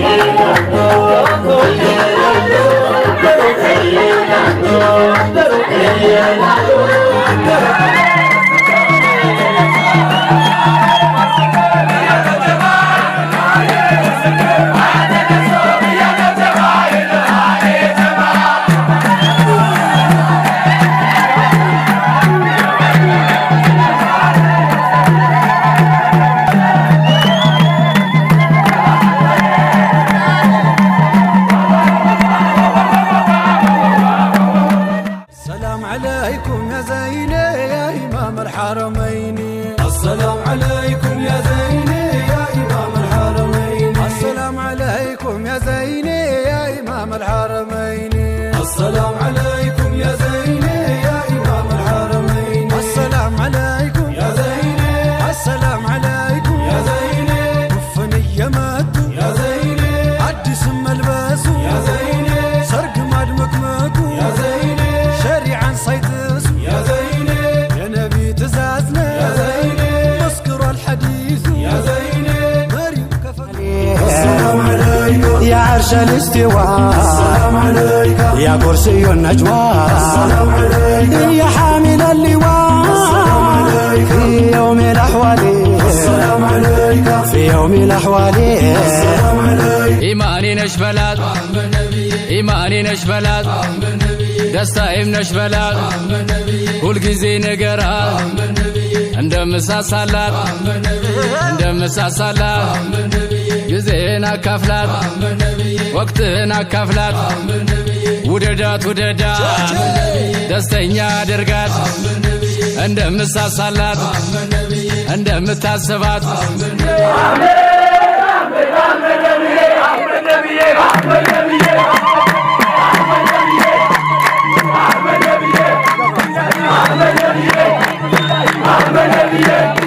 Yeah. الحرمين السلام عليكم يا عرش الاستواء السلام عليك يا كرسي النجوى السلام عليك يا حامل اللواء السلام عليك في يوم الأحوال السلام عليك في يوم الأحوال السلام عليك إيماني نشفلات إيماني نشفلات ደስታዬም ነሽበላል ሁልጊዜ ነገራል እንደምሳሳላት እንደምሳሳላት ጊዜን አካፍላት፣ ወቅትን አካፍላት፣ ውደዳት ውደዳ ደስተኛ አድርጋት፣ እንደምሳሳላት እንደምታስባት Yeah.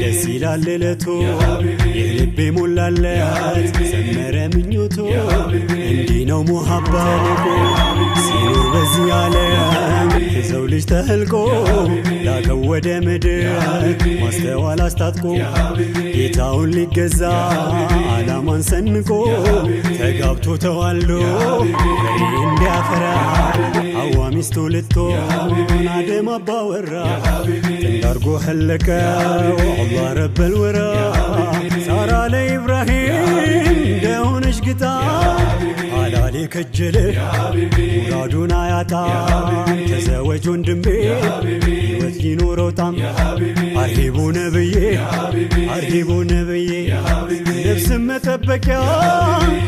ደስ ይላል እለቱ ልቤ ሞላለት ሰመረ ምኞቶ እንዲህ ነው ሙሀባ ልቆ ሲኖር በዚህ ዓለም የሰው ልጅ ተህልቆ ላከው ወደ ምድር ማስተዋል አስታጥቆ ጌታውን ሊገዛ አላማን ሰንቆ ተጋብቶ ተዋልዶ እንዲያፈራ ሐዋ ሚስቱ ልትሆን አደም አባወራ እንዳርጎ ኸለቀው አላህ ረበል ወራ ያለ ኢብራሂም የሆነች ግጣ አላሌ ከጀለ ሙራዱን አያጣ ተዘወጅ ወንድሜ ሕይወት ሊኖረው ጣም አርሂቡ ነብዬ አርሂቡ ነብዬ ነፍስን መጠበቂያ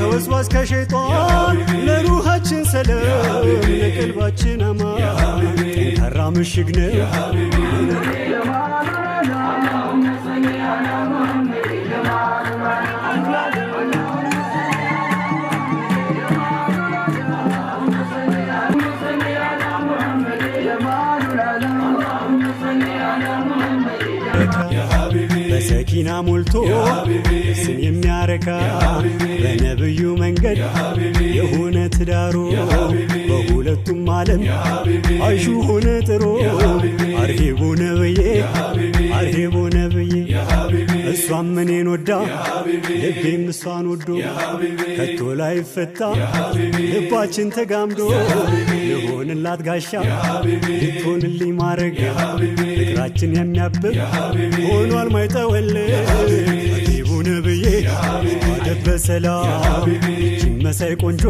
ከወስዋስ ከሸይጣን ለሩሃችን ሰላም ለቀልባችን አማን ጠንካራ ምሽግ ነው በሰኪና ሞልቶ ስም የሚያረካ በነብዩ መንገድ የሆነ ትዳሮ በሁለቱም ዓለም አይሹ ሆነ ጥሮ አርሄቦ ነብዬ አርሄቦ ነብዬ እሷም እኔን ወዳ ልቤም እሷን ወዶ ከቶ ላይ ፈታ ልባችን ተጋምዶ ልሆንላት ጋሻ ልትሆንልኝ ማረግ ፍቅራችን የሚያብብ ሆኗል ማይጠወል ሆነ ብዬ ደበሰላ መሳይ ቆንጆ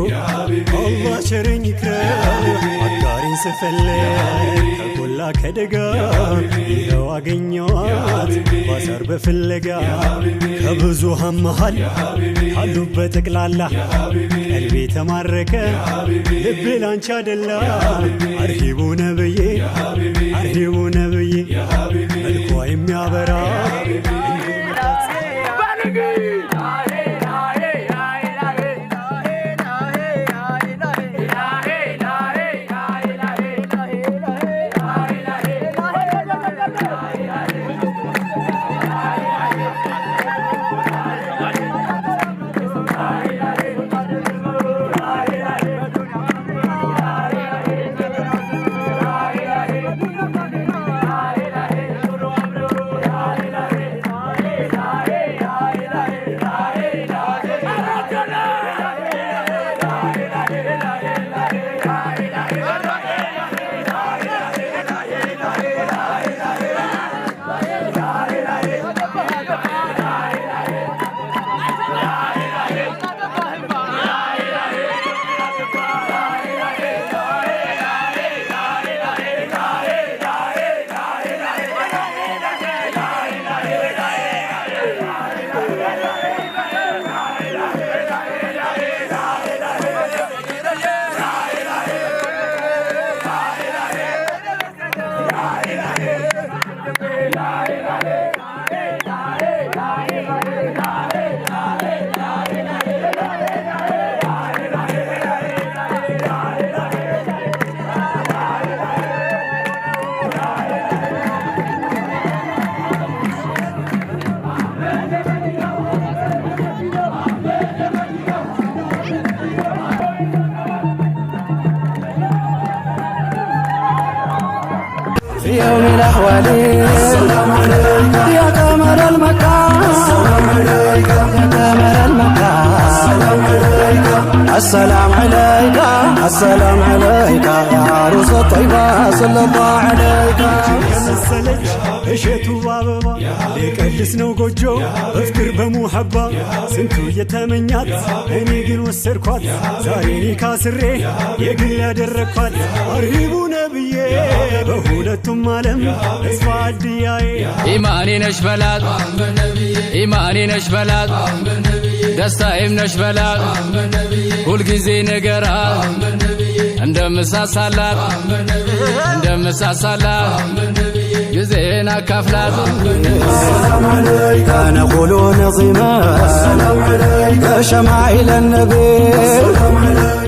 አላህ ቸረኝ ይክረም አጋሪን ስፈልግ ከጎላ ከደጋ ይኸው አገኘዋት ባሰር በፍለጋ ከብዙ መሃል ካሉበት ጠቅላላ ቀልቤ ተማረከ ልቤ ላንቺ አደላ አርሂቡ 나 يوم الأحوال يا قمر المكان يا قمر المكان السلام عليك السلام عليك يا عروس الطيبة صلى الله عليك እሸቱ አበባ ሊቀድስ ነው ጎጆ በፍቅር በሙሐባ ስንቱ የተመኛት እኔ ግን ወሰድኳት ዛሬ ካስሬ የግል ያደረግኳት አሪቡ ነብዬ በሁለቱም ዓለም ተስፋ አድያዬ ኢማኔ ነሽ በላት ኢማኔ ነሽ በላት ደስታዬም ነሽ በላት ሁልጊዜ ነገራት እንደምሳሳላት እንደምሳሳላት جزينا كفلات السلام عليك أنا قولوا نظيمة السلام عليك شمع الى النبي السلام عليك